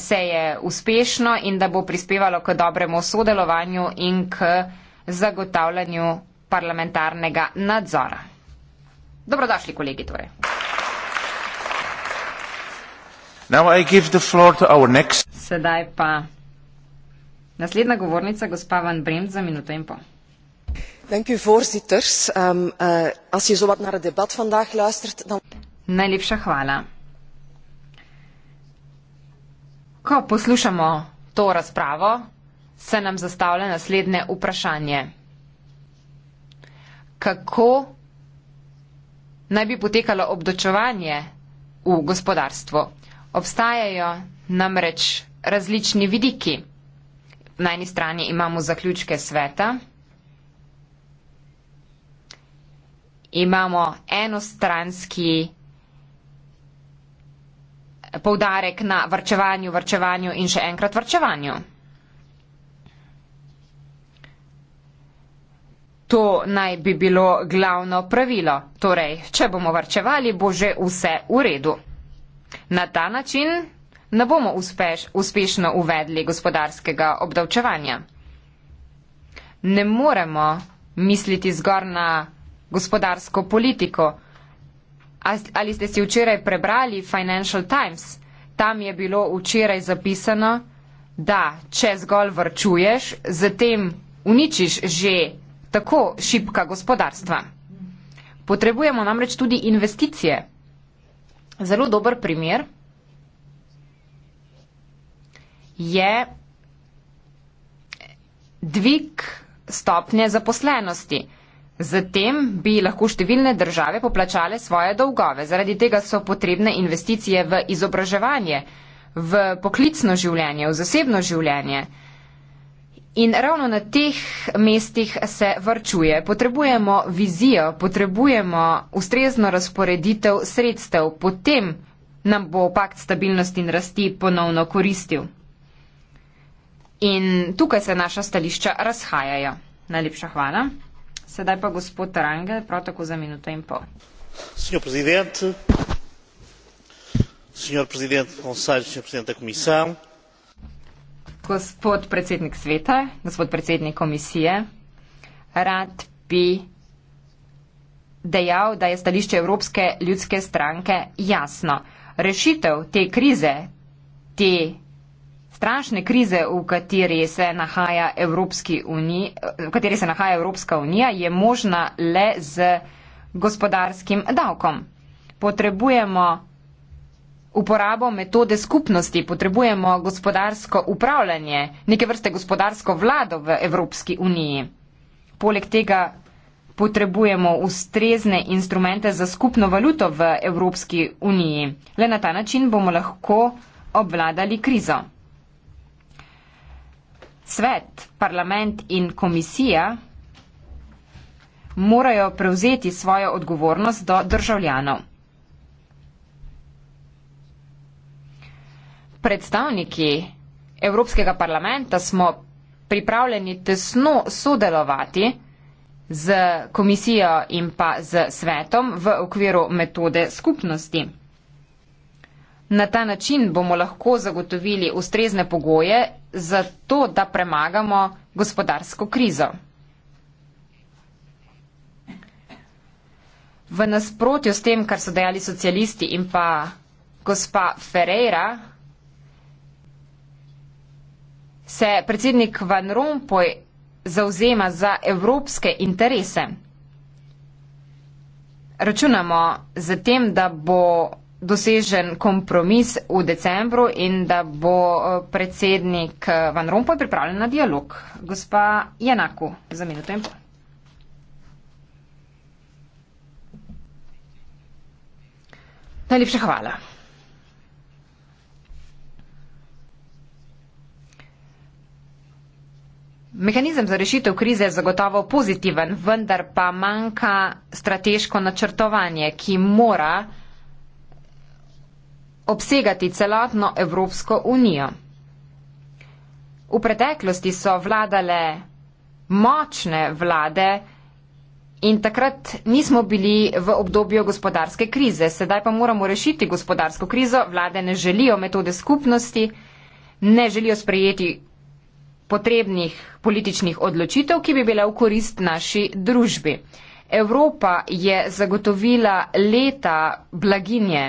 seje uspešno in da bo prispevalo k dobremu sodelovanju in k zagotavljanju parlamentarnega nadzora. Dobrodošli, kolegi. Torej. Next... Sedaj pa naslednja govornica, gospa Van Bremt, za minuto in pol. Dank u voorzitters. Um, uh, als je zo wat naar het debat vandaag luistert, dan. Najlepša hvala. Ko poslušamo to razpravo, se nam zastavlja naslednje vprašanje. Kako naj bi potekalo obdočevanje v gospodarstvu? Obstajajo namreč različni vidiki. Na eni strani imamo zaključke sveta, imamo enostranski poudarek na vrčevanju, vrčevanju in še enkrat vrčevanju. To naj bi bilo glavno pravilo. Torej, če bomo vrčevali, bo že vse v redu. Na ta način ne bomo uspeš, uspešno uvedli gospodarskega obdavčevanja. Ne moremo misliti zgor na gospodarsko politiko, Ali ste si včeraj prebrali Financial Times? Tam je bilo včeraj zapisano, da če zgolj vrčuješ, zatem uničiš že tako šipka gospodarstva. Potrebujemo namreč tudi investicije. Zelo dober primer je dvig stopnje zaposlenosti. Zatem bi lahko številne države poplačale svoje dolgove. Zaradi tega so potrebne investicije v izobraževanje, v poklicno življenje, v zasebno življenje. In ravno na teh mestih se vrčuje. Potrebujemo vizijo, potrebujemo ustrezno razporeditev sredstev, potem nam bo pakt stabilnosti in rasti ponovno koristil. In tukaj se naša stališča razhajajo. Najlepša hvala. Sedaj pa gospod Range, prav tako za minuto in pol. Senhor Presidente, Senhor Presidente do Conselho, Senhor Presidente da Comissão. Gospod predsednik sveta, gospod predsednik komisije, rad bi dejal, da je stališče Evropske ljudske stranke jasno. Rešitev te krize, te strašne krize, v kateri se nahaja, uniji, kateri se nahaja Evropska unija, je možna le z gospodarskim davkom. Potrebujemo uporabo metode skupnosti, potrebujemo gospodarsko upravljanje, neke vrste gospodarsko vlado v Evropski uniji. Poleg tega potrebujemo ustrezne instrumente za skupno valuto v Evropski uniji. Le na ta način bomo lahko obvladali krizo svet, parlament in komisija morajo prevzeti svojo odgovornost do državljanov. Predstavniki Evropskega parlamenta smo pripravljeni tesno sodelovati z komisijo in pa z svetom v okviru metode skupnosti. Na ta način bomo lahko zagotovili ustrezne pogoje za to, da premagamo gospodarsko krizo. V nasprotju s tem, kar so dejali socialisti in pa gospa Ferreira, se predsednik Van Rompuy zauzema za evropske interese. Računamo z tem, da bo dosežen kompromis v decembru in da bo eh, predsednik eh, Van Rompuy pripravljen na dialog. Gospa Janaku, za minuto in pol. Najlepša hvala. Mehanizem za rešitev krize je zagotovo pozitiven, vendar pa manjka strateško načrtovanje, ki mora obsegati celotno Evropsko unijo. V preteklosti so vladale močne vlade in takrat nismo bili v obdobju gospodarske krize. Sedaj pa moramo rešiti gospodarsko krizo. Vlade ne želijo metode skupnosti, ne želijo sprejeti potrebnih političnih odločitev, ki bi bile v korist naši družbi. Evropa je zagotovila leta blaginje.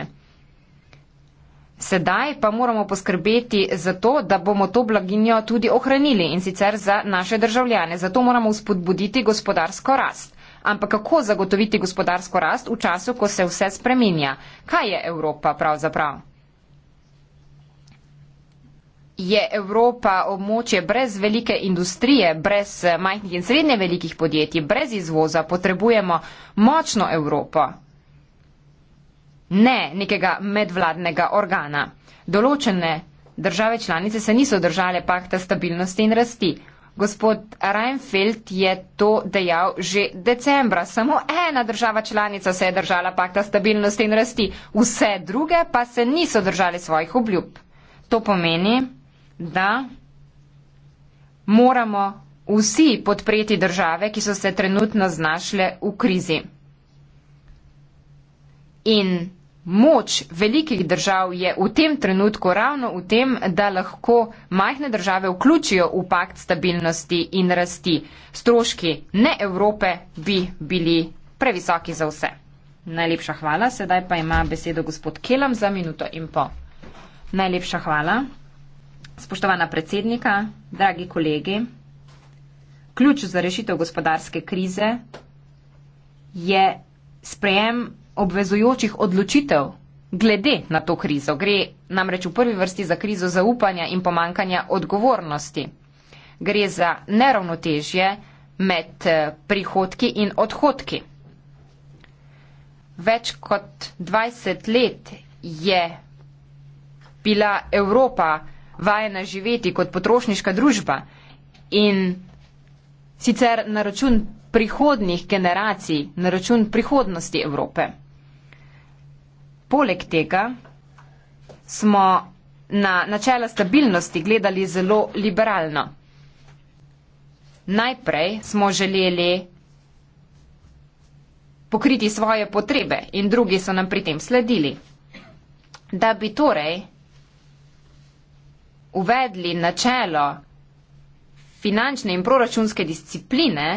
Sedaj pa moramo poskrbeti za to, da bomo to blaginjo tudi ohranili in sicer za naše državljane. Zato moramo spodbuditi gospodarsko rast. Ampak kako zagotoviti gospodarsko rast v času, ko se vse spreminja? Kaj je Evropa pravzaprav? Je Evropa območje brez velike industrije, brez majhnih in srednje velikih podjetij, brez izvoza, potrebujemo močno Evropo, ne nekega medvladnega organa. Določene države članice se niso držale pakta stabilnosti in rasti. Gospod Reinfeldt je to dejal že decembra. Samo ena država članica se je držala pakta stabilnosti in rasti, vse druge pa se niso držali svojih obljub. To pomeni, da moramo vsi podpreti države, ki so se trenutno znašle v krizi. In Moč velikih držav je v tem trenutku ravno v tem, da lahko majhne države vključijo v pakt stabilnosti in rasti. Stroški ne Evrope bi bili previsoki za vse. Najlepša hvala. Sedaj pa ima besedo gospod Kelam za minuto in pol. Najlepša hvala. Spoštovana predsednika, dragi kolegi, ključ za rešitev gospodarske krize je sprejem obvezujočih odločitev glede na to krizo. Gre namreč v prvi vrsti za krizo zaupanja in pomankanja odgovornosti. Gre za neravnotežje med eh, prihodki in odhodki. Več kot 20 let je bila Evropa vajena živeti kot potrošniška družba in sicer na račun prihodnih generacij, na račun prihodnosti Evrope. Poleg tega smo na načela stabilnosti gledali zelo liberalno. Najprej smo želeli pokriti svoje potrebe in drugi so nam pri tem sledili. Da bi torej uvedli načelo finančne in proračunske discipline,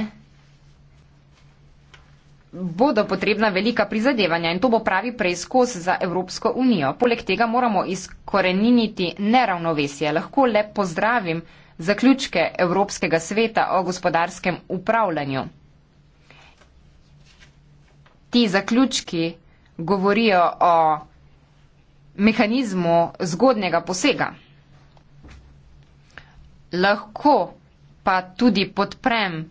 bodo potrebna velika prizadevanja in to bo pravi preizkus za Evropsko unijo. Poleg tega moramo izkoreniniti neravnovesje. Lahko le pozdravim zaključke Evropskega sveta o gospodarskem upravljanju. Ti zaključki govorijo o mehanizmu zgodnega posega. Lahko pa tudi podprem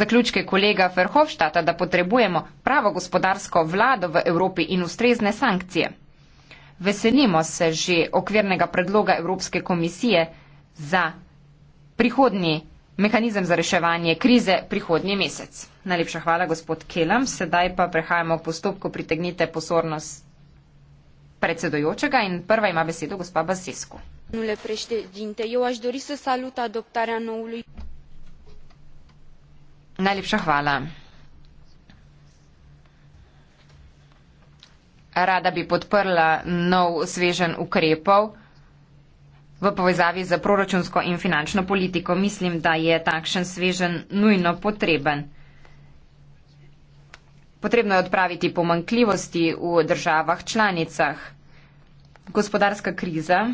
Zaključke kolega Ferhofštata, da potrebujemo pravo gospodarsko vlado v Evropi in ustrezne sankcije. Veselimo se že okvirnega predloga Evropske komisije za prihodnji mehanizem za reševanje krize prihodnji mesec. Najlepša hvala, gospod Kelam. Sedaj pa prehajamo v postopku, pritegnite pozornost predsedojočega in prva ima besedo gospa Basesko. Najlepša hvala. Rada bi podprla nov svežen ukrepov v povezavi z proračunsko in finančno politiko. Mislim, da je takšen svežen nujno potreben. Potrebno je odpraviti pomankljivosti v državah članicah. Gospodarska kriza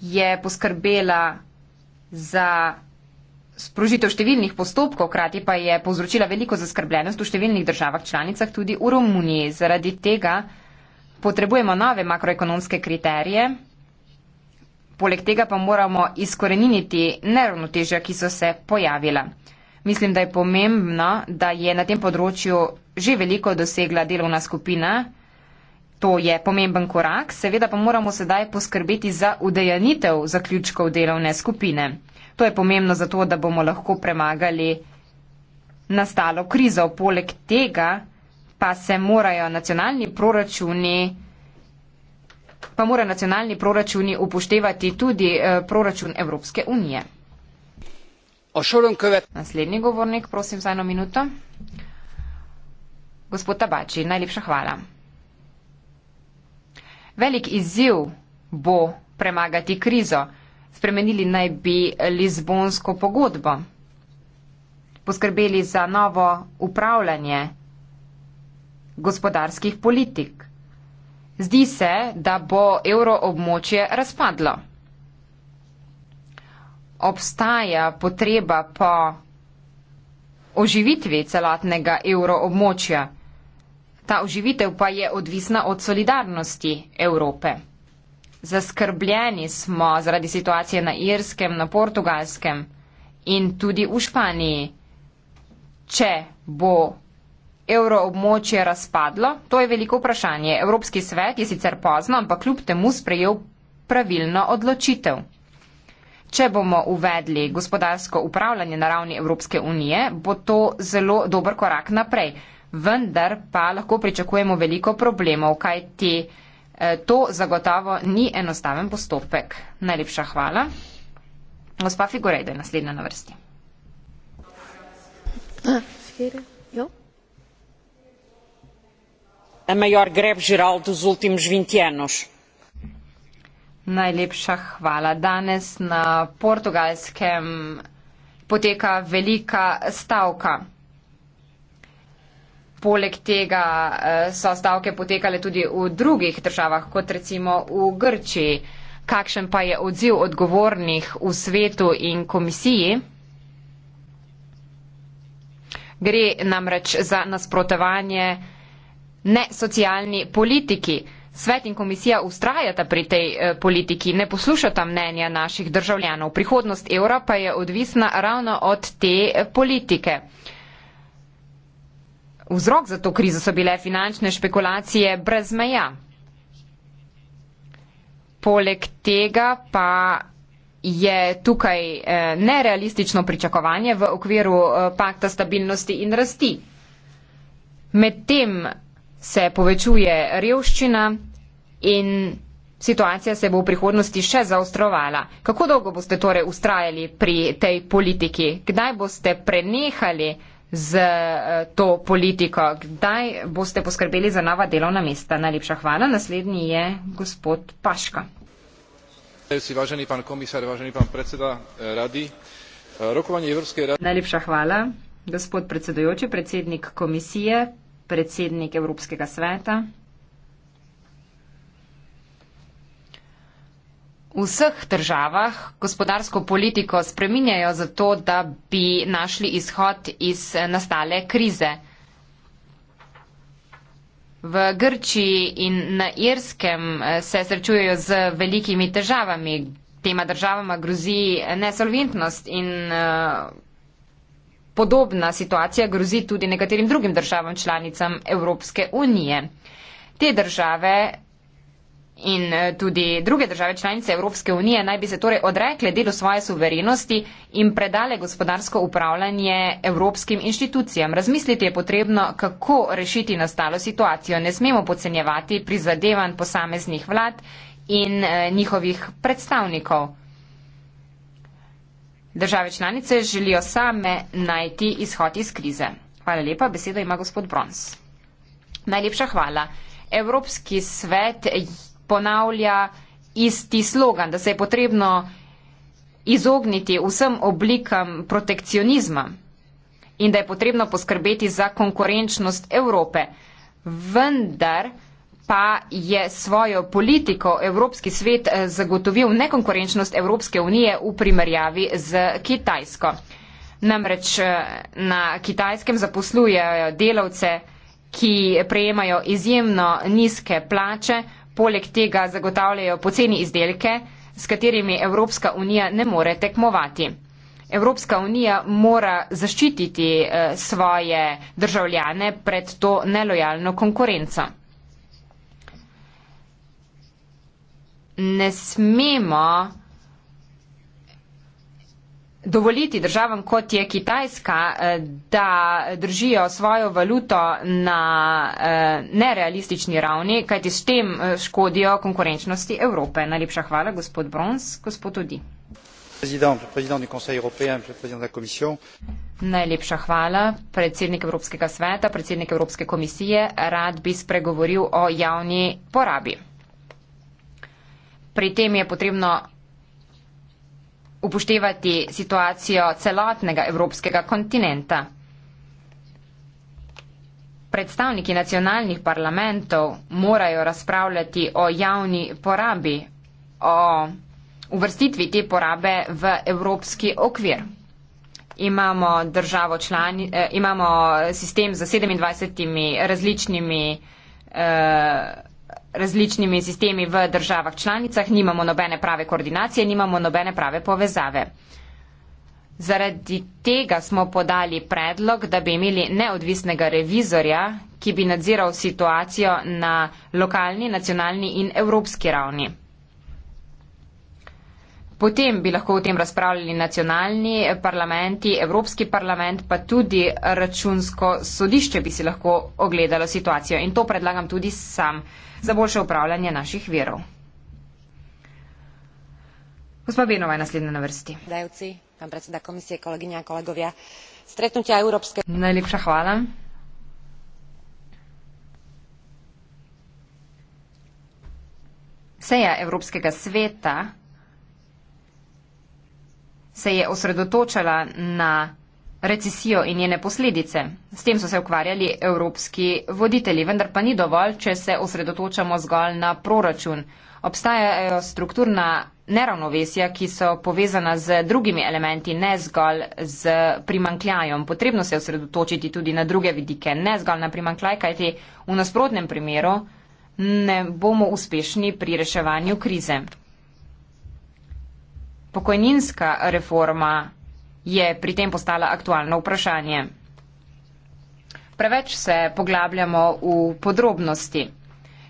je poskrbela za sprožitev številnih postopkov, krati pa je povzročila veliko zaskrbljenost v številnih državah članicah, tudi v Romuniji. Zaradi tega potrebujemo nove makroekonomske kriterije. Poleg tega pa moramo izkoreniniti neravnotežja, ki so se pojavila. Mislim, da je pomembno, da je na tem področju že veliko dosegla delovna skupina To je pomemben korak, seveda pa moramo sedaj poskrbeti za udejanitev zaključkov delovne skupine. To je pomembno zato, da bomo lahko premagali nastalo krizo. Poleg tega pa se morajo nacionalni proračuni pa mora nacionalni proračuni upoštevati tudi eh, proračun Evropske unije. Naslednji govornik, prosim za eno minuto. Gospod Tabači, najlepša hvala. Velik izziv bo premagati krizo. Spremenili naj bi Lizbonsko pogodbo, poskrbeli za novo upravljanje gospodarskih politik. Zdi se, da bo evroobmočje razpadlo. Obstaja potreba po oživitvi celotnega evroobmočja. Ta oživitev pa je odvisna od solidarnosti Evrope. Zaskrbljeni smo zaradi situacije na Irskem, na Portugalskem in tudi v Španiji. Če bo evroobmočje razpadlo, to je veliko vprašanje. Evropski svet je sicer pozno, ampak kljub temu sprejel pravilno odločitev. Če bomo uvedli gospodarsko upravljanje na ravni Evropske unije, bo to zelo dober korak naprej vendar pa lahko pričakujemo veliko problemov, kaj ti eh, to zagotovo ni enostaven postopek. Najlepša hvala. Gospa Figurejda je naslednja na vrsti. Ah, Najlepša hvala. Danes na portugalskem poteka velika stavka. Poleg tega eh, so stavke potekale tudi v drugih državah, kot recimo v Grčiji. Kakšen pa je odziv odgovornih v svetu in komisiji? Gre namreč za nasprotovanje ne socialni politiki. Svet in komisija ustrajata pri tej eh, politiki, ne poslušata mnenja naših državljanov. Prihodnost evra pa je odvisna ravno od te politike. Vzrok za to krizo so bile finančne špekulacije brez meja. Poleg tega pa je tukaj eh, nerealistično pričakovanje v okviru eh, pakta stabilnosti in rasti. Medtem se povečuje revščina in situacija se bo v prihodnosti še zaostrovala. Kako dolgo boste torej ustrajali pri tej politiki? Kdaj boste prenehali? z eh, to politiko. Kdaj boste poskrbeli za nova delovna mesta? Najlepša hvala. Naslednji je gospod Paška. Važeni pan komisar, važeni pan predseda eh, Radi. Eh, Rokovanje Evropske radi. Najlepša hvala, gospod predsedujoči, predsednik komisije, predsednik Evropskega sveta. vseh državah gospodarsko politiko spreminjajo zato, da bi našli izhod iz eh, nastale krize. V Grčiji in na Irskem eh, se srečujejo z velikimi težavami. Tema državama grozi eh, nesolventnost in podobna situacija grozi tudi nekaterim drugim državam članicam Evropske unije. Te države in eh, tudi druge države članice Evropske unije naj bi se torej odrekle delu svoje suverenosti in predale gospodarsko upravljanje evropskim inštitucijam. Razmisliti je potrebno, kako rešiti nastalo situacijo. Ne smemo podcenjevati prizadevanj posameznih vlad in eh, njihovih predstavnikov. Države članice želijo same najti izhod iz krize. Hvala lepa, besedo ima gospod Brons. Najlepša hvala. Evropski svet ponavlja isti slogan, da se je potrebno izogniti vsem oblikam protekcionizma in da je potrebno poskrbeti za konkurenčnost Evrope. Vendar pa je svojo politiko Evropski svet eh, zagotovil nekonkurenčnost Evropske unije v primerjavi z Kitajsko. Namreč eh, na Kitajskem zaposlujejo delavce, ki prejemajo izjemno nizke plače, poleg tega zagotavljajo poceni izdelke, s katerimi Evropska unija ne more tekmovati. Evropska unija mora zaščititi eh, svoje državljane pred to nelojalno konkurenco. Ne smemo dovoliti državam, kot je Kitajska, eh, da držijo svojo valuto na eh, nerealistični ravni, kajti s tem eh, škodijo konkurenčnosti Evrope. Najlepša hvala, gospod Brons, gospod Odi. Najlepša hvala, predsednik Evropskega sveta, predsednik Evropske komisije. Rad bi spregovoril o javni porabi. Pri tem je potrebno upoštevati situacijo celotnega evropskega kontinenta. Predstavniki nacionalnih parlamentov morajo razpravljati o javni porabi, o uvrstitvi te porabe v evropski okvir. Imamo, državo člani, eh, imamo sistem z 27 različnimi eh, različnimi sistemi v državah članicah, nimamo nobene prave koordinacije, nimamo nobene prave povezave. Zaradi tega smo podali predlog, da bi imeli neodvisnega revizorja, ki bi nadziral situacijo na lokalni, nacionalni in evropski ravni. Potem bi lahko o tem razpravljali nacionalni parlamenti, Evropski parlament, pa tudi računsko sodišče bi si lahko ogledalo situacijo. In to predlagam tudi sam za boljše upravljanje naših verov. Gospa Benova je naslednja na vrsti. Dajavci, pan predseda komisije, kolegyňa a kolegovia, stretnutia Európske... Najlepša hvala. Seja Evropskega sveta se je osredotočala na recesijo in njene posledice. S tem so se ukvarjali evropski voditelji, vendar pa ni dovolj, če se osredotočamo zgolj na proračun. Obstajajo strukturna neravnovesja, ki so povezana z drugimi elementi, ne zgolj z primankljajem. Potrebno se osredotočiti tudi na druge vidike, ne zgolj na primankljaj, kajti v nasprotnem primeru ne bomo uspešni pri reševanju krize. Pokojninska reforma je pri tem postala aktualno vprašanje. Preveč se poglabljamo v podrobnosti.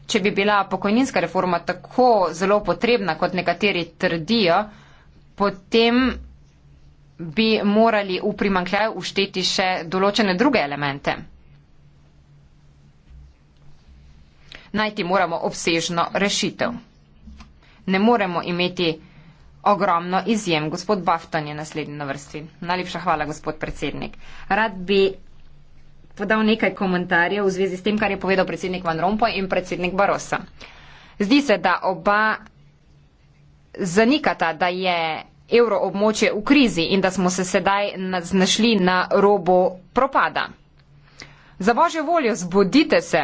Če bi bila pokojninska reforma tako zelo potrebna, kot nekateri trdijo, potem bi morali v primankljaj ušteti še določene druge elemente. Najti moramo obsežno rešitev. Ne moremo imeti ogromno izjem. Gospod Bafton je naslednji na vrsti. Najlepša hvala, gospod predsednik. Rad bi podal nekaj komentarjev v zvezi s tem, kar je povedal predsednik Van Rompuy in predsednik Barossa. Zdi se, da oba zanikata, da je evroobmočje v krizi in da smo se sedaj znašli na robu propada. Za božjo voljo, zbudite se.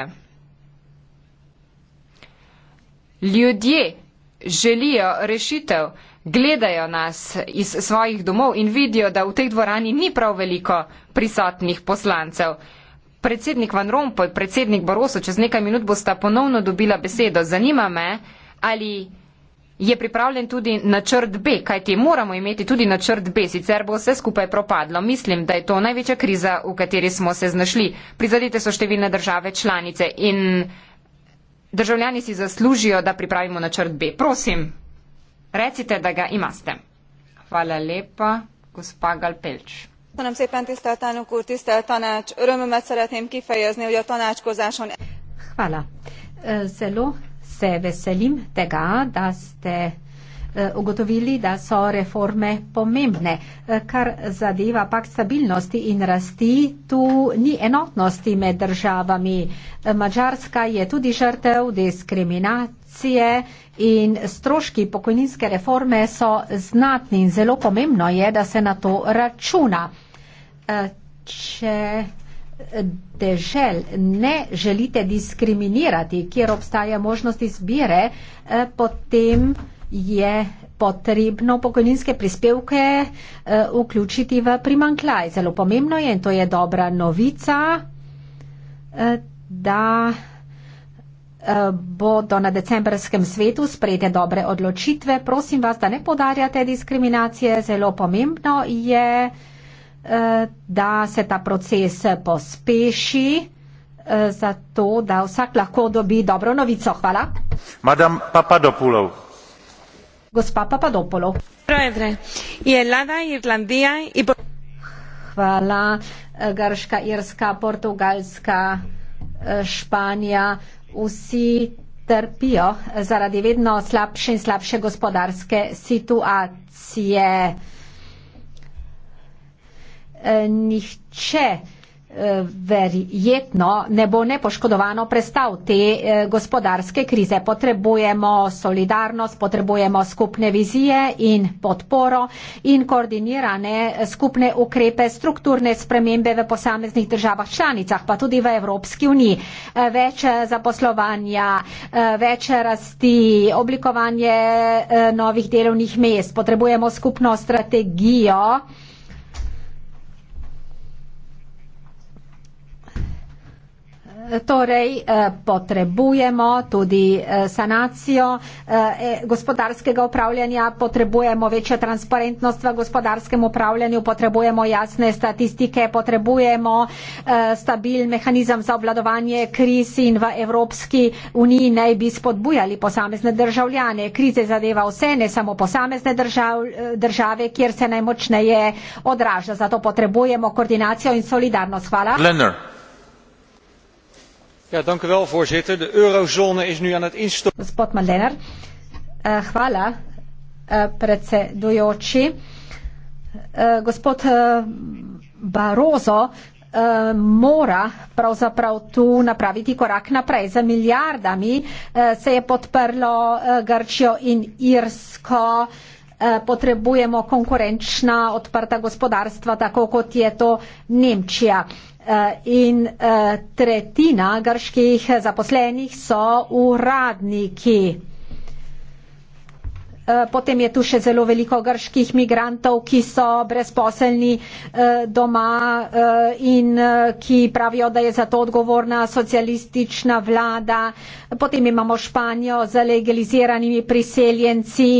Ljudje želijo rešitev, gledajo nas iz svojih domov in vidijo, da v tej dvorani ni prav veliko prisotnih poslancev. Predsednik Van Rompuy, predsednik Boroso, čez nekaj minut boste ponovno dobila besedo. Zanima me, ali je pripravljen tudi načrt B, kaj ti moramo imeti tudi načrt B, sicer bo vse skupaj propadlo. Mislim, da je to največja kriza, v kateri smo se znašli. Prizadite so številne države članice in Državljani si zaslužijo, da pripravimo načrt B. Prosim, recite, da ga imate. Hvala lepa, gospa Galpelč. Köszönöm szépen, tisztelt elnök úr, tisztelt tanács. Örömömet szeretném kifejezni, hogy a tanácskozáson... Hvala. Zelo se veselim tega, da ste Eh, ugotovili, da so reforme pomembne. Eh, kar zadeva pak stabilnosti in rasti, tu ni enotnosti med državami. Eh, Mačarska je tudi žrtev diskriminacije in stroški pokojninske reforme so znatni in zelo pomembno je, da se na to računa. Če dežel ne želite diskriminirati, kjer obstaja možnost izbire, potem je potrebno pokojninske prispevke eh, vključiti v primanklaj. Zelo pomembno je, in to je dobra novica, eh, da eh, bodo na decembrskem svetu sprejete dobre odločitve. Prosim vas, da ne podarjate diskriminacije. Zelo pomembno je, da se ta proces pospeši zato, da vsak lahko dobi dobro novico. Hvala. Madam Papadopoulou gospa Papadopolo. Hvala, Grška, Irska, Portugalska, eh, Španija. Vsi trpijo zaradi vedno slabše in slabše gospodarske situacije. Eh, nihče verjetno ne bo nepoškodovano prestal te eh, gospodarske krize. Potrebujemo solidarnost, potrebujemo skupne vizije in podporo in koordinirane eh, skupne ukrepe, strukturne spremembe v posameznih državah članicah, pa tudi v Evropski uniji. Eh, več zaposlovanja, več rasti, oblikovanje novih delovnih mest, potrebujemo skupno strategijo Torej, eh, potrebujemo tudi eh, sanacijo eh, e, gospodarskega upravljanja, potrebujemo večjo transparentnost v gospodarskem upravljanju, potrebujemo jasne statistike, potrebujemo stabilen mehanizem za obladovanje kriz in v Evropski uniji naj bi spodbujali posamezne državljane. Krize zadeva vse, ne samo posamezne držav, države, kjer se najmočneje odraža. Zato potrebujemo koordinacijo in solidarnost. Hvala. Leonard. Ja, voorzitter de eurozone is nu aan het instorten. Eh, eh, eh, mora pravzaprav tu napraviti korak naprej. Za milijardami se je podprlo Grčijo in Irsko, potrebujemo konkurenčna odprta gospodarstva, tako kot je to Nemčija. Eh, in eh, tretjina grških zaposlenih so uradniki. Eh, potem je tu še zelo veliko grških migrantov, ki so brezposelni eh, doma eh, in ki pravijo, da je za to odgovorna socialistična vlada. Potem imamo Španijo z legaliziranimi priseljenci.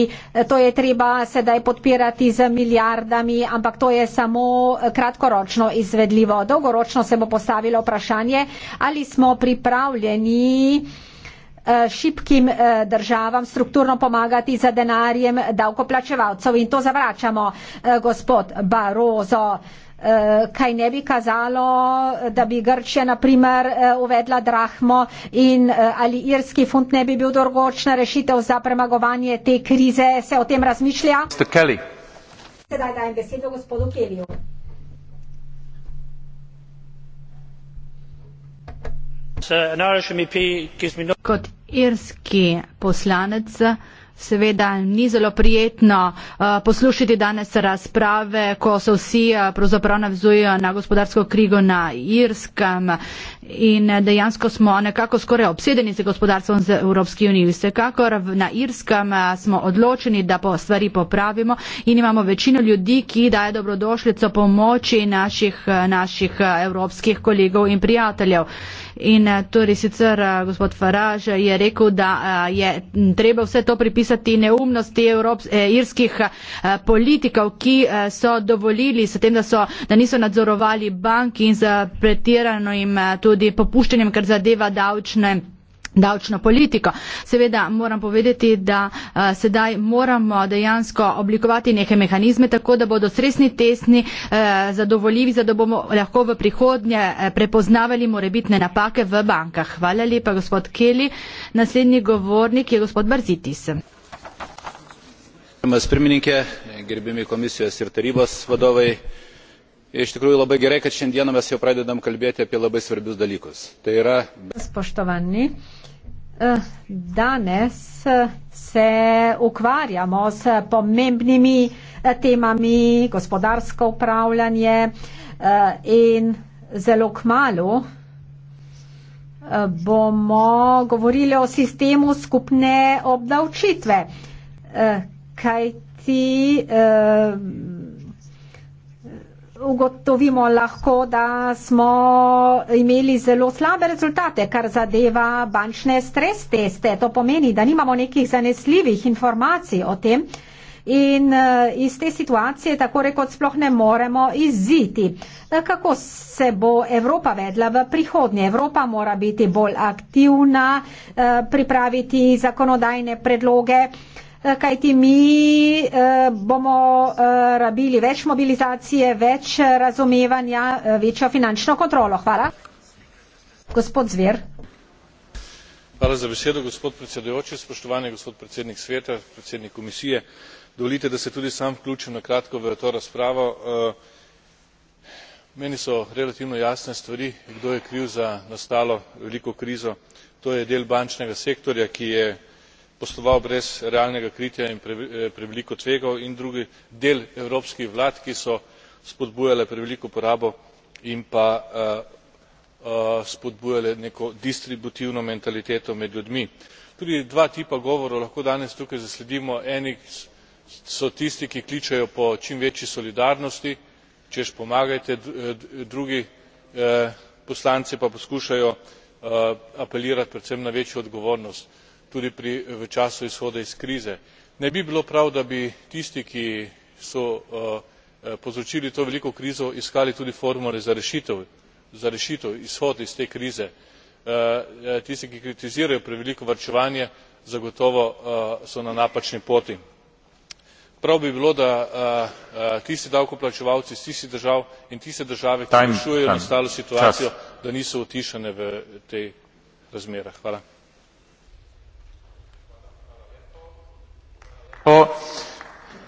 To je treba sedaj podpirati z milijardami, ampak to je samo kratkoročno izvedljivo. Dolgoročno se bo postavilo vprašanje, ali smo pripravljeni Eh, šipkim eh, državam strukturno pomagati za denarjem davkoplačevalcev in to zavračamo, eh, gospod Barozo. Kaj ne bi kazalo, da bi Grčija naprimer uvedla drahmo in ali irski funt ne bi bil drugočna rešitev za premagovanje te krize, se o tem razmišlja? Sedaj dajem besedo gospodu Keliju. Uh, no- Kot irski poslanec seveda ni zelo prijetno uh, poslušati danes razprave, ko so vsi uh, pravzaprav navzujo na gospodarsko krigo na Irskem in dejansko smo nekako skoraj obsedeni z gospodarstvom z Evropski uniji. Vsekakor na Irskem smo odločeni, da po stvari popravimo in imamo večino ljudi, ki daje dobrodošljico pomoči naših, naših evropskih kolegov in prijateljev. In eh, torej sicer eh, gospod Faraž je rekel, da eh, je treba vse to pripisati neumnosti evrops, eh, irskih eh, politikov, ki eh, so dovolili s tem, da, so, da niso nadzorovali banki in z pretiranim eh, tudi popuščanjem, kar zadeva davčne davčno politiko. Seveda moram povedati, da uh, sedaj moramo dejansko oblikovati neke mehanizme, tako da bodo stresni testni uh, zadovoljivi, za da bomo lahko v prihodnje uh, prepoznavali morebitne napake v bankah. Hvala lepa, gospod Keli. Naslednji govornik je gospod Barzitis. Gerbiamas pirmininkė, gerbiami komisijos ir tarybos vadovai, iš tikrųjų labai gerai, kad šiandieną mes jau pradedam kalbėti apie labai svarbius dalykus. Tai yra spoštovani. E, danes e, se ukvarjamo s pomembnimi e, temami, gospodarsko upravljanje in zelo kmalo bomo govorili o sistemu skupne obdavčitve. Kaj ti? ugotovimo lahko, da smo imeli zelo slabe rezultate, kar zadeva bančne stres teste. To pomeni, da nimamo nekih zanesljivih informacij o tem in eh, iz te situacije tako rekoč sploh ne moremo iziti. Eh, kako se bo Evropa vedla v prihodnje? Evropa mora biti bolj aktivna, eh, pripraviti zakonodajne predloge kajti mi eh, bomo eh, rabili več mobilizacije, več razumevanja, eh, večjo finančno kontrolo. Hvala. Gospod Zver. Hvala za besedo, gospod predsedujoči, spoštovani gospod predsednik sveta, predsednik komisije. Dovolite, da se tudi sam vključim na kratko v to razpravo. Meni so relativno jasne stvari, kdo je kriv za nastalo veliko krizo. To je del bančnega sektorja, ki je posloval brez realnega kritja in eh, preveliko tvegal in drugi del evropskih vlad ki so spodbujale preveliko porabo in pa eh, eh, spodbujale neko distributivno mentaliteto med ljudmi. tudi dva tipa govorov lahko danes tukaj zasledimo eni so tisti ki kličejo po čim večji solidarnosti češ pomagajte drugi poslanci pa poskušajo apelirati predvsem na večjo odgovornost tudi v času izhoda iz krize. ne bi bilo prav da bi tisti ki so uh, uh, povzročili to veliko krizo iskali tudi formule za rešitev za rešitev izhod iz te krize. Uh, tisti ki kritizirajo preveliko varčevanje zagotovo so na napačni poti. prav bi bilo da tisti davkoplačevalci iz tistih držav in tiste države ki rešujejo nastalo situacijo da niso utišani v teh razmerah.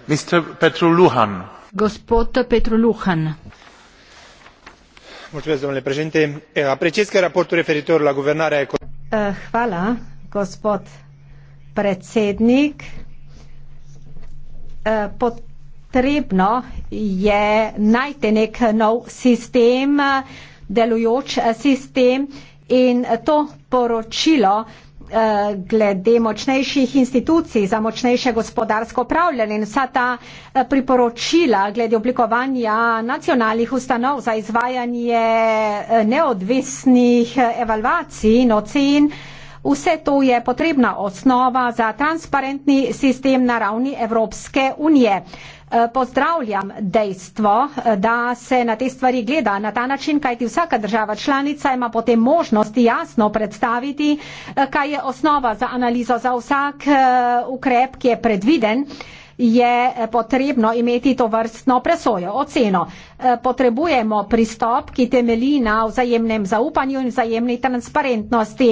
Mr. Petru Luhan. Gospod Petru Luhan. Mulțumesc, domnule președinte. E, apreciez că raportul referitor la guvernarea economică. E, hvala, gospod predsednik. E, potrebno je najti nek nov sistem, delujoč sistem in to poročilo Eh, glede močnejših institucij za močnejše gospodarsko upravljanje in vsa ta eh, priporočila glede oblikovanja nacionalnih ustanov za izvajanje eh, neodvisnih evalvacij in ocen, vse to je potrebna osnova za transparentni sistem na ravni Evropske unije. Eh, pozdravljam dejstvo, eh, da se na te stvari gleda na ta način, kajti vsaka država članica ima potem možnosti jasno predstaviti, eh, kaj je osnova za analizo za vsak ukrep, ki je predviden je potrebno imeti to vrstno presojo, oceno. Potrebujemo pristop, ki temelji na vzajemnem zaupanju in vzajemni transparentnosti.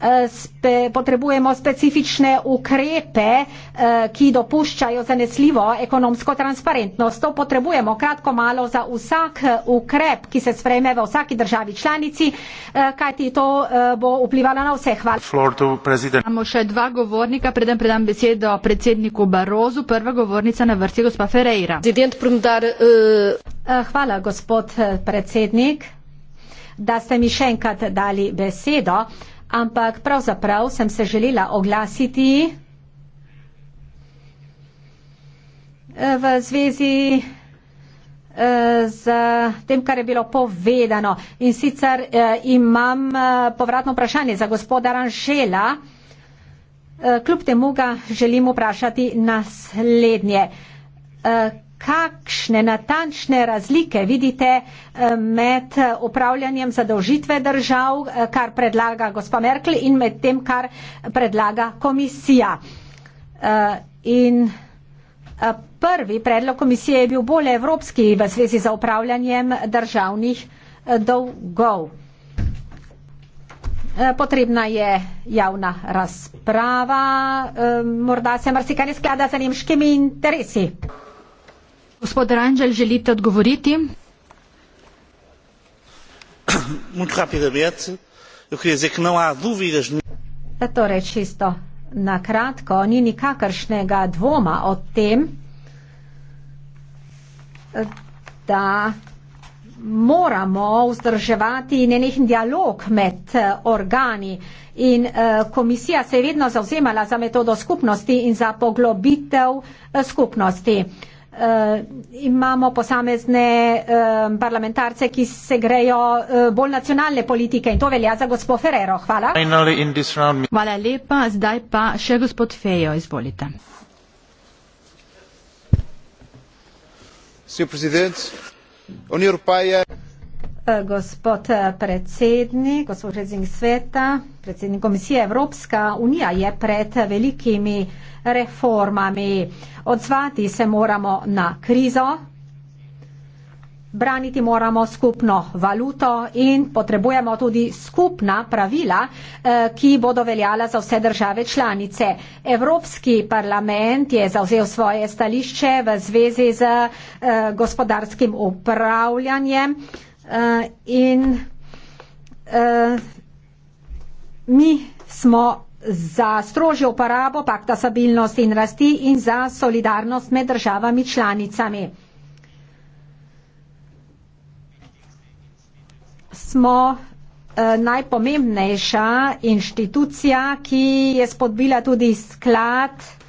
Eh, spe, potrebujemo specifične ukrepe, eh, ki dopuščajo zanesljivo ekonomsko transparentnost. To potrebujemo kratko malo za vsak eh, ukrep, ki se sprejme v vsaki državi članici, kajti to bo vplivalo na vse. Hvala. Imamo še dva govornika, preden predam besedo predsedniku Barozu. Prva govornica na vrsti je gospa Ferreira. Hvala, gospod predsednik, da ste mi še enkrat dali besedo ampak pravzaprav sem se želela oglasiti eh, v zvezi eh, z tem, kar je bilo povedano. In sicer eh, imam povratno vprašanje za gospoda Ranžela. Kljub temu ga želim vprašati naslednje kakšne natančne razlike vidite eh, med eh, upravljanjem zadolžitve držav, eh, kar predlaga gospa Merkel in med tem, kar predlaga komisija. In prvi predlog komisije je bil bolj evropski v zvezi z upravljanjem državnih dolgov. Potrebna je javna razprava, morda se marsikaj ne sklada za nemškimi interesi. Gospod Ranžal, želite odgovoriti? Ja, torej, čisto na kratko, ni nikakršnega dvoma o tem, da moramo vzdrževati nenehen dialog med eh, organi in eh, komisija se je vedno zauzemala za metodo skupnosti in za poglobitev eh, skupnosti. Uh, imamo posamezne uh, parlamentarce, ki se grejo uh, bolj nacionalne politike in to velja za gospod Ferrero. Hvala. Round... Hvala lepa. Zdaj pa še gospod Fejo, izvolite. Gospod predsednik, Unija Evropa je. Eh, gospod eh, predsednik, gospod predsednik sveta, predsednik komisije, Evropska unija je pred eh, velikimi reformami. Odzvati se moramo na krizo, braniti moramo skupno valuto in potrebujemo tudi skupna pravila, ki bodo veljala za vse države članice. Evropski parlament je zauzel svoje stališče v zvezi z gospodarskim upravljanjem. Uh, in uh, mi smo za strožjo uporabo pakta stabilnosti in rasti in za solidarnost med državami članicami. Smo eh, najpomembnejša inštitucija, ki je spodbila tudi sklad eh,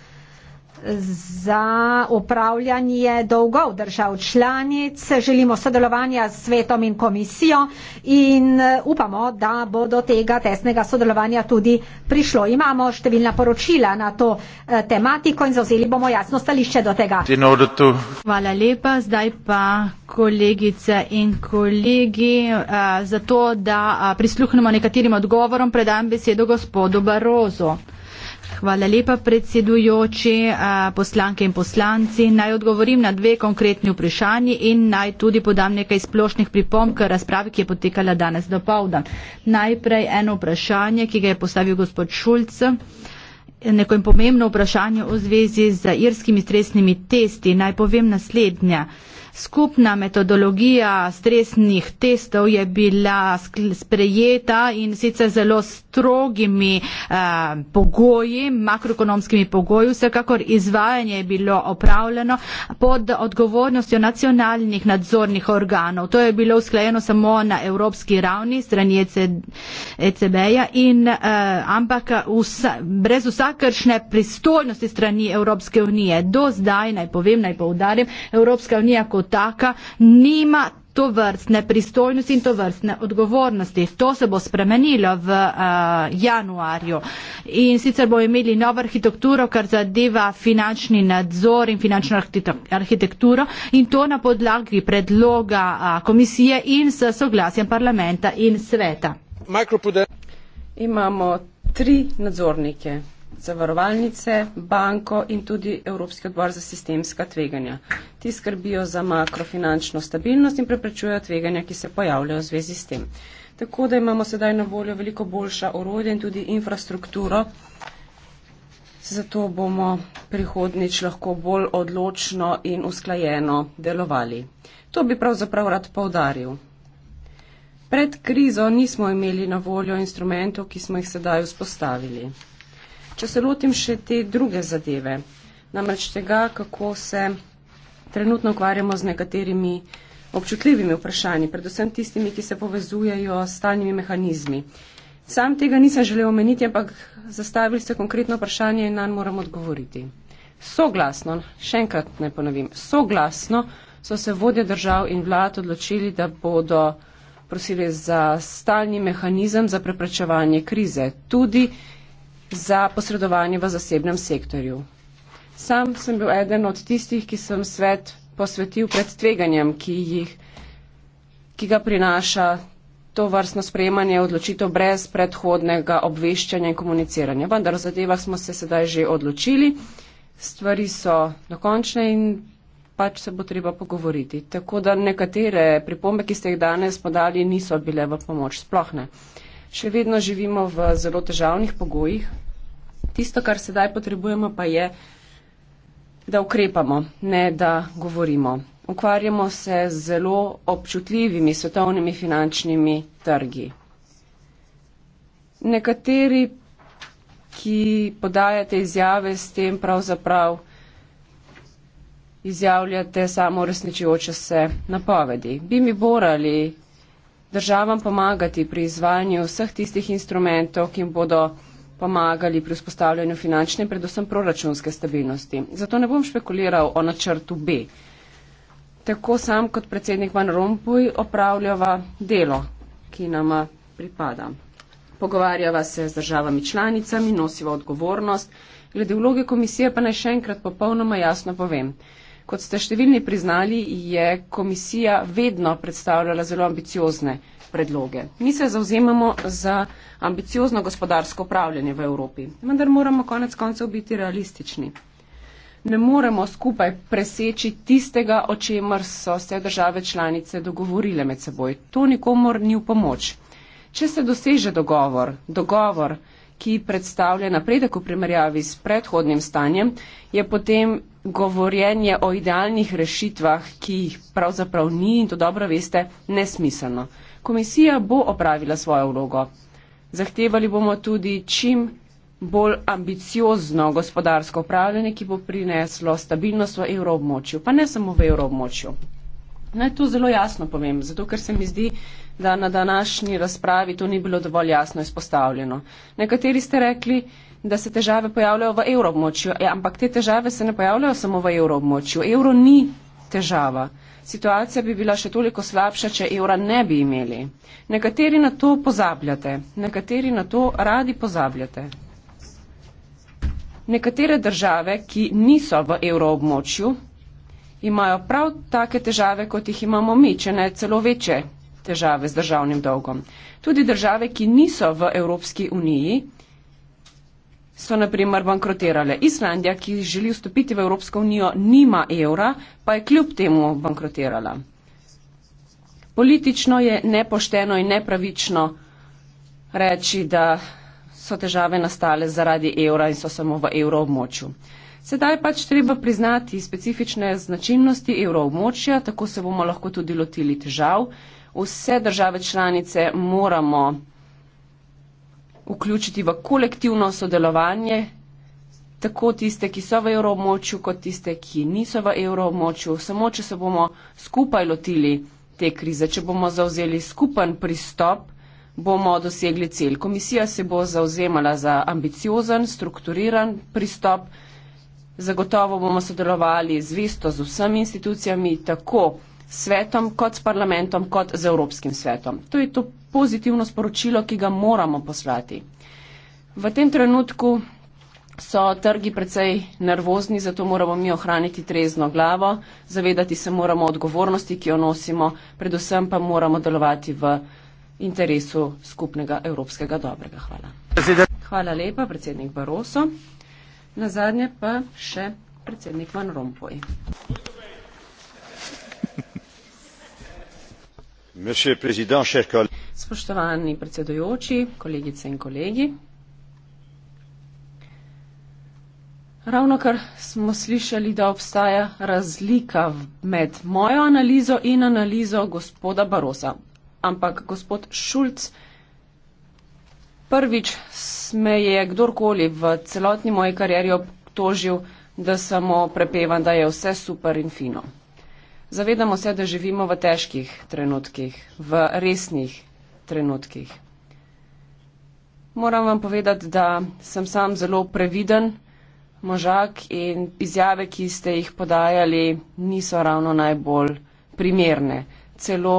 za upravljanje dolgov držav članic. Želimo sodelovanja s svetom in komisijo in uh, upamo, da bo do tega tesnega sodelovanja tudi prišlo. Imamo številna poročila na to uh, tematiko in zauzeli bomo jasno stališče do tega. Hvala lepa, zdaj pa kolegice in kolegi, uh, za to, da prisluhnemo nekaterim odgovorom, predam besedo gospodu Barozu. Hvala lepa, predsedujoči, poslanke in poslanci. Naj odgovorim na dve konkretni vprašanji in naj tudi podam nekaj splošnih pripomb k razpravi, ki je potekala danes do povda. Najprej eno vprašanje, ki ga je postavil gospod Šulc. Neko pomembno vprašanje v zvezi z irskimi stresnimi testi. Naj povem naslednje. Skupna metodologija stresnih testov je bila sprejeta in sicer zelo strogimi eh, pogoji, makroekonomskimi pogoji, vsekakor izvajanje je bilo opravljeno pod odgovornostjo nacionalnih nadzornih organov. To je bilo usklajeno samo na evropski ravni strani ECB-ja, e eh, ampak vsa, brez vsakršne pristojnosti strani Evropske unije. Do zdaj, naj povem, naj poudarim, Evropska unija kot taka nima to vrstne pristojnosti in to vrstne odgovornosti. To se bo spremenilo v uh, januarju in sicer bomo imeli novo arhitekturo, kar zadeva finančni nadzor in finančno arhitekturo in to na podlagi predloga uh, komisije in s soglasjem parlamenta in sveta. Imamo tri nadzornike zavarovalnice, banko in tudi Evropski odbor za sistemska tveganja. Ti skrbijo za makrofinančno stabilnost in preprečujejo tveganja, ki se pojavljajo v zvezi s tem. Tako da imamo sedaj na voljo veliko boljša orodja in tudi infrastrukturo. Zato bomo prihodnič lahko bolj odločno in usklajeno delovali. To bi pravzaprav rad povdaril. Pred krizo nismo imeli na voljo instrumentov, ki smo jih sedaj vzpostavili. Če se lotim še te druge zadeve, namreč tega, kako se trenutno ukvarjamo z nekaterimi občutljivimi vprašanji, predvsem tistimi, ki se povezujejo s stalnimi mehanizmi. Sam tega nisem želel omeniti, ampak zastavili ste konkretno vprašanje in nam moram odgovoriti. Soglasno, še enkrat ne ponovim, soglasno so se vodje držav in vlad odločili, da bodo prosili za stalni mehanizem za preprečevanje krize. Tudi za posredovanje v zasebnem sektorju. Sam sem bil eden od tistih, ki sem svet posvetil pred tveganjem, ki, jih, ki ga prinaša to vrstno sprejemanje odločitev brez predhodnega obveščanja in komuniciranja. Vendar o zadevah smo se sedaj že odločili, stvari so dokončne in pač se bo treba pogovoriti. Tako da nekatere pripombe, ki ste jih danes podali, niso bile v pomoč, sploh ne. Uh, še vedno živimo v zelo težavnih pogojih. Tisto, kar sedaj potrebujemo, pa je, da ukrepamo, ne da govorimo. Ukvarjamo se z zelo občutljivimi svetovnimi finančnimi trgi. Nekateri, ki podajate izjave s tem, pravzaprav izjavljate samo resničujoče se napovedi. Bi mi morali državam pomagati pri izvajanju vseh tistih instrumentov, ki jim bodo pomagali pri vzpostavljanju finančne in predvsem proračunske stabilnosti. Zato ne bom špekuliral o načrtu B. Tako sam kot predsednik Van Rompuy opravljava delo, ki nam pripada. Pogovarjava se z državami članicami, nosiva odgovornost. Glede vloge komisije pa naj še enkrat popolnoma jasno povem. Kot ste številni priznali, je komisija vedno predstavljala zelo ambiciozne predloge. Mi se zauzemamo za ambiciozno gospodarsko upravljanje v Evropi, vendar moramo konec koncev biti realistični. Ne moremo skupaj preseči tistega, o čemer so se države članice dogovorile med seboj. To nikomor ni v pomoč. Če se doseže dogovor, dogovor, ki predstavlja napredek v primerjavi s predhodnim stanjem, je potem govorjenje o idealnih rešitvah, ki jih pravzaprav ni in to dobro veste, nesmiselno. Komisija bo opravila svojo vlogo. Zahtevali bomo tudi čim bolj ambiciozno gospodarsko upravljanje, ki bo prineslo stabilnost v evroobmočju, pa ne samo v evroobmočju. Naj to zelo jasno povem, zato ker se mi zdi, da na današnji razpravi to ni bilo dovolj jasno izpostavljeno. Nekateri ste rekli, da se težave pojavljajo v evroobmočju, e, ampak te težave se ne pojavljajo samo v evroobmočju. Evro ni težava. Situacija bi bila še toliko slabša, če evra ne bi imeli. Nekateri na to pozabljate, nekateri na to radi pozabljate. Nekatere države, ki niso v evroobmočju, imajo prav take težave, kot jih imamo mi, če ne celo večje težave z državnim dolgom. Tudi države, ki niso v Evropski uniji, so naprimer bankrotirale. Islandija, ki želi vstopiti v Evropsko unijo, nima evra, pa je kljub temu bankrotirala. Politično je nepošteno in nepravično reči, da so težave nastale zaradi evra in so samo v evroobmočju. Sedaj pač treba priznati specifične značilnosti evroobmočja, tako se bomo lahko tudi lotili težav vse države članice moramo vključiti v kolektivno sodelovanje, tako tiste, ki so v evroobmočju, kot tiste, ki niso v evroobmočju. Samo, če se bomo skupaj lotili te krize, če bomo zauzeli skupen pristop, bomo dosegli cilj. Komisija se bo zauzemala za ambiciozen, strukturiran pristop. Zagotovo bomo sodelovali zvesto z vsemi institucijami, tako svetom, kot s parlamentom, kot z Evropskim svetom. To je to pozitivno sporočilo, ki ga moramo poslati. V tem trenutku so trgi precej nervozni, zato moramo mi ohraniti trezno glavo, zavedati se moramo odgovornosti, ki jo nosimo, predvsem pa moramo delovati v interesu skupnega evropskega dobrega. Hvala. Hvala lepa, predsednik Baroso. Na zadnje pa še predsednik Van Rompuy. Spoštovani predsedujoči, kolegice in kolegi. Ravno kar smo slišali, da obstaja razlika med mojo analizo in analizo gospoda Barosa. Ampak gospod Šulc, prvič me je kdorkoli v celotni moji karieri obtožil, da samo prepevam, da je vse super in fino. Zavedamo se, da živimo v težkih trenutkih, v resnih trenutkih. Moram vam povedati, da sem sam zelo previden možak in izjave, ki ste jih podajali, niso ravno najbolj primerne. Celo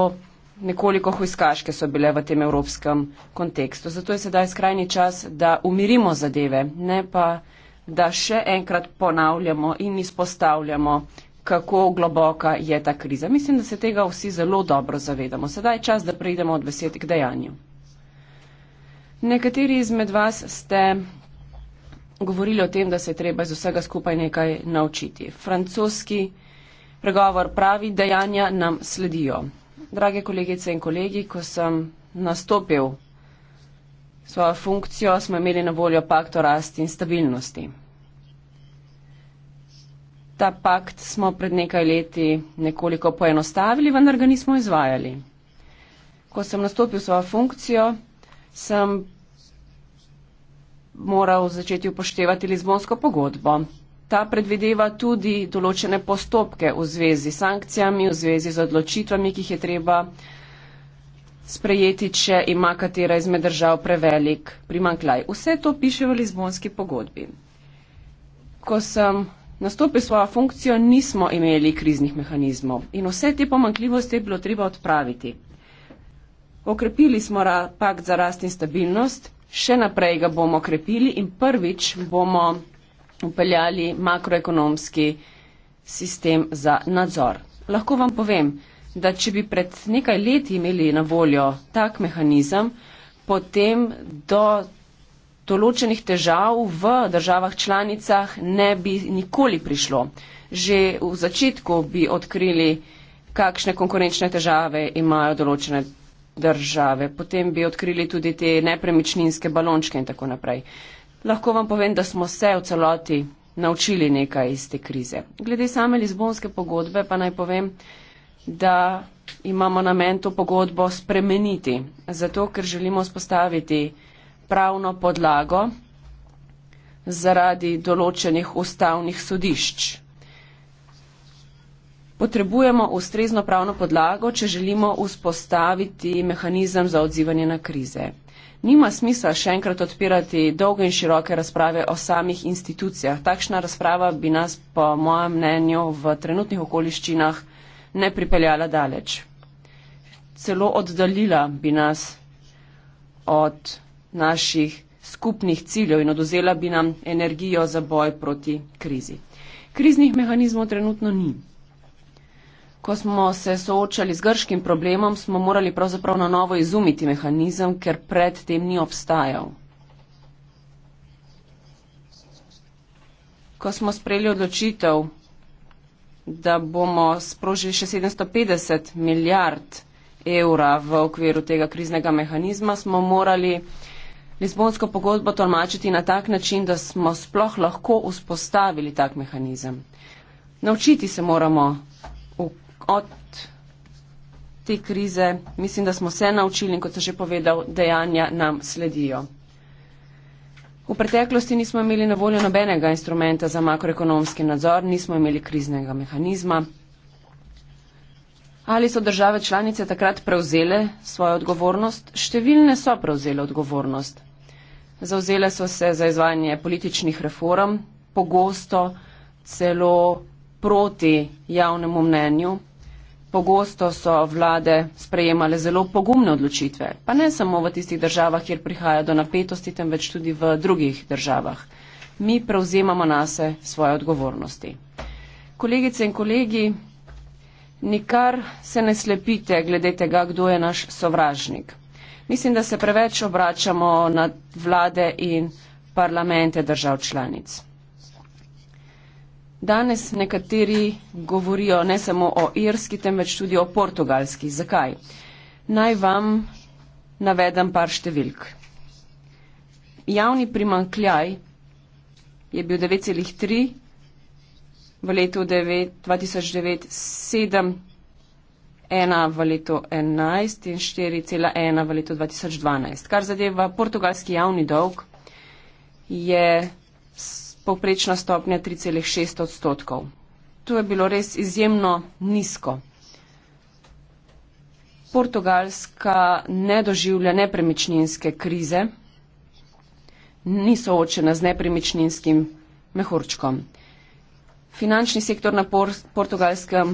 nekoliko hujskaške so bile v tem evropskem kontekstu. Zato je sedaj skrajni čas, da umirimo zadeve, ne pa, da še enkrat ponavljamo in izpostavljamo kako globoka je ta kriza. Mislim, da se tega vsi zelo dobro zavedamo. Sedaj je čas, da preidemo od besed k dejanju. Nekateri izmed vas ste govorili o tem, da se je treba iz vsega skupaj nekaj naučiti. Francoski pregovor pravi, dejanja nam sledijo. Drage kolegice in kolegi, ko sem nastopil svojo funkcijo, smo imeli na voljo pakt o rasti in stabilnosti. Ta pakt smo pred nekaj leti nekoliko poenostavili, vendar ga nismo izvajali. Ko sem nastopil svojo funkcijo, sem moral začeti upoštevati Lizbonsko pogodbo. Ta predvideva tudi določene postopke v zvezi s sankcijami, v zvezi z odločitvami, ki jih je treba sprejeti, če ima katera izmed držav prevelik primanklaj. Vse to piše v Lizbonski pogodbi. Ko sem nastopi svojo funkcijo, nismo imeli kriznih mehanizmov in vse te pomankljivosti je bilo treba odpraviti. Okrepili smo pakt za rast in stabilnost, še naprej ga bomo okrepili in prvič bomo upeljali makroekonomski sistem za nadzor. Lahko vam povem, da če bi pred nekaj leti imeli na voljo tak mehanizem, potem do določenih težav v državah članicah ne bi nikoli prišlo. Že v začetku bi odkrili, kakšne konkurenčne težave imajo določene države. Potem bi odkrili tudi te nepremičninske balončke in tako naprej. Lahko vam povem, da smo se v celoti naučili nekaj iz te krize. Glede same Lizbonske pogodbe pa naj povem, da imamo namen to pogodbo spremeniti, zato ker želimo spostaviti pravno podlago zaradi določenih ustavnih sodišč. Potrebujemo ustrezno pravno podlago, če želimo vzpostaviti mehanizem za odzivanje na krize. Nima smisla še enkrat odpirati dolge in široke razprave o samih institucijah. Takšna razprava bi nas, po mojem mnenju, v trenutnih okoliščinah ne pripeljala daleč. Celo oddaljila bi nas od naših skupnih ciljev in oduzela bi nam energijo za boj proti krizi. Kriznih mehanizmov trenutno ni. Ko smo se soočali z grškim problemom, smo morali pravzaprav na novo izumiti mehanizem, ker predtem ni obstajal. Ko smo sprejeli odločitev, da bomo sprožili še 750 milijard evra v okviru tega kriznega mehanizma, smo morali Lizbonsko pogodbo tolmačiti na tak način, da smo sploh lahko vzpostavili tak mehanizem. Naučiti se moramo od te krize. Mislim, da smo se naučili in kot sem že povedal, dejanja nam sledijo. V preteklosti nismo imeli na voljo nobenega instrumenta za makroekonomski nadzor, nismo imeli kriznega mehanizma, Ali so države članice takrat prevzele svojo odgovornost? Številne so prevzele odgovornost. Zauzele so se za izvajanje političnih reform, pogosto celo proti javnemu mnenju. Pogosto so vlade sprejemale zelo pogumne odločitve, pa ne samo v tistih državah, kjer prihaja do napetosti, temveč tudi v drugih državah. Mi prevzemamo nase svoje odgovornosti. Kolegice in kolegi, Nikar se ne slepite glede tega, kdo je naš sovražnik. Mislim, da se preveč obračamo na vlade in parlamente držav članic. Danes nekateri govorijo ne samo o irski, temveč tudi o portugalski. Zakaj? Naj vam navedem par številk. Javni primankljaj je bil 9,3 v letu 2009-2007, v letu 2011 in 4,1 v letu 2012. Kar zadeva portugalski javni dolg, je povprečna stopnja 3,6 odstotkov. To je bilo res izjemno nizko. Portugalska ne doživlja nepremičninske krize, ni soočena z nepremičninskim mehurčkom finančni sektor na por portugalskem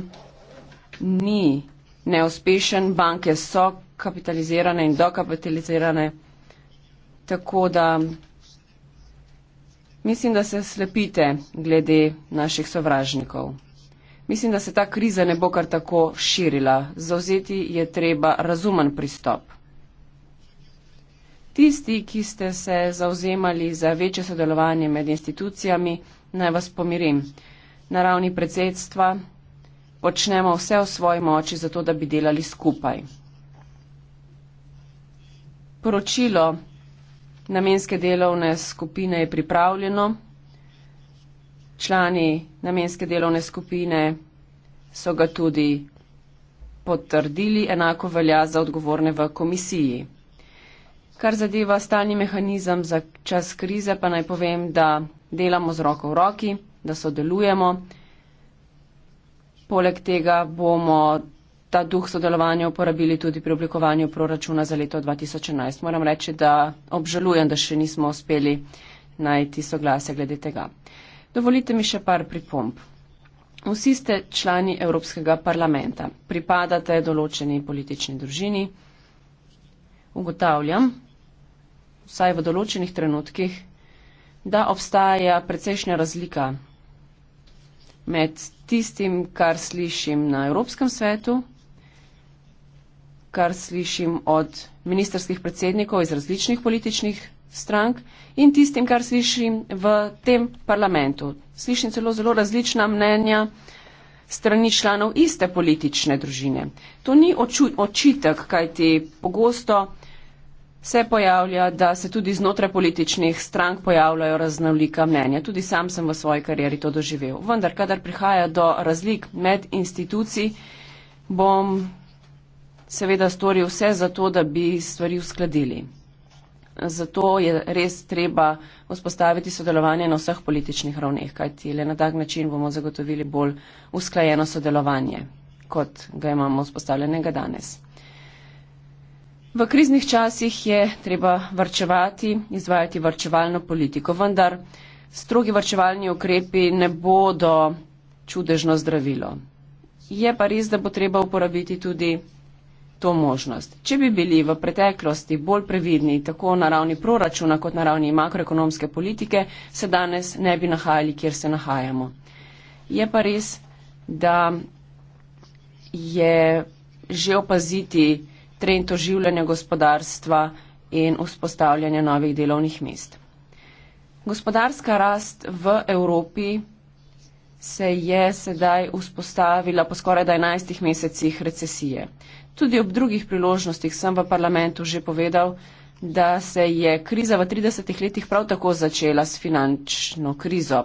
ni neuspešen, banke so kapitalizirane in dokapitalizirane, tako da mislim, da se slepite glede naših sovražnikov. Mislim, da se ta kriza ne bo kar tako širila. Zauzeti je treba razumen pristop. Tisti, ki ste se zauzemali za večje sodelovanje med institucijami, naj vas pomirim na ravni predsedstva počnemo vse v svoji moči za to, da bi delali skupaj. Poročilo namenske delovne skupine je pripravljeno. Člani namenske delovne skupine so ga tudi potrdili, enako velja za odgovorne v komisiji. Kar zadeva stalni mehanizem za čas krize, pa naj povem, da delamo z roko v roki da sodelujemo. Poleg tega bomo ta duh sodelovanja uporabili tudi pri oblikovanju proračuna za leto 2011. Moram reči, da obžalujem, da še nismo uspeli najti soglasja glede tega. Dovolite mi še par pripomb. Vsi ste člani Evropskega parlamenta, pripadate določeni politični družini. Ugotavljam, vsaj v določenih trenutkih, da obstaja precejšnja razlika med tistim, kar slišim na Evropskem svetu, kar slišim od ministerskih predsednikov iz različnih političnih strank in tistim, kar slišim v tem parlamentu. Slišim celo zelo različna mnenja strani članov iste politične družine. To ni očitek, kajti pogosto se pojavlja, da se tudi znotraj političnih strank pojavljajo raznolika mnenja. Tudi sam sem v svoji karieri to doživel. Vendar, kadar prihaja do razlik med instituciji, bom seveda storil vse za to, da bi stvari uskladili. Zato je res treba vzpostaviti sodelovanje na vseh političnih ravneh, kajti le na tak način bomo zagotovili bolj usklajeno sodelovanje, kot ga imamo vzpostavljenega danes. V kriznih časih je treba varčevati, izvajati varčevalno politiko, vendar strogi varčevalni ukrepi ne bodo čudežno zdravilo. Je pa res, da bo treba uporabiti tudi to možnost. Če bi bili v preteklosti bolj previdni tako na ravni proračuna kot na ravni makroekonomske politike, se danes ne bi nahajali, kjer se nahajamo. Je pa res, da je že opaziti, trend oživljanja gospodarstva in vzpostavljanja novih delovnih mest. Gospodarska rast v Evropi se je sedaj vzpostavila po skoraj 11 mesecih recesije. Tudi ob drugih priložnostih sem v parlamentu že povedal, da se je kriza v 30 letih prav tako začela s finančno krizo.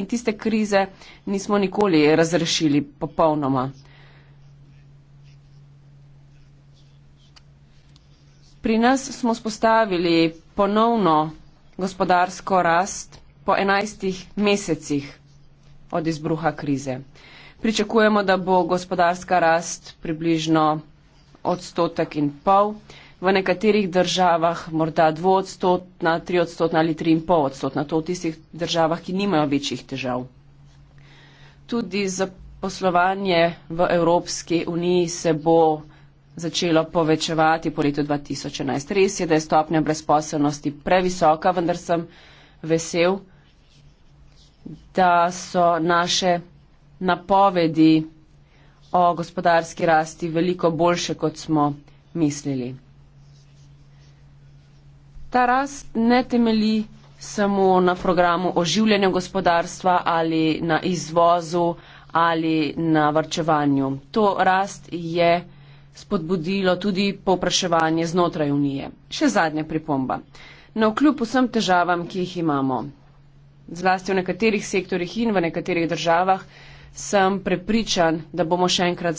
In tiste krize nismo nikoli razrešili popolnoma. Pri nas smo spostavili ponovno gospodarsko rast po enajstih mesecih od izbruha krize. Pričakujemo, da bo gospodarska rast približno odstotek in pol, v nekaterih državah morda dvoodstotna, triodstotna ali triinpolodstotna, to v tistih državah, ki nimajo večjih težav. Tudi zaposlovanje v Evropski uniji se bo začelo povečevati po letu 2011. Res je, da je stopnja brezposelnosti previsoka, vendar sem vesel, da so naše napovedi o gospodarski rasti veliko boljše, kot smo mislili. Ta rast ne temeli samo na programu oživljanja gospodarstva ali na izvozu ali na vrčevanju. To rast je spodbudilo tudi povpraševanje znotraj Unije. Še zadnja pripomba. Na okljub vsem težavam, ki jih imamo, zlasti v nekaterih sektorjih in v nekaterih državah, sem prepričan, da bomo še enkrat.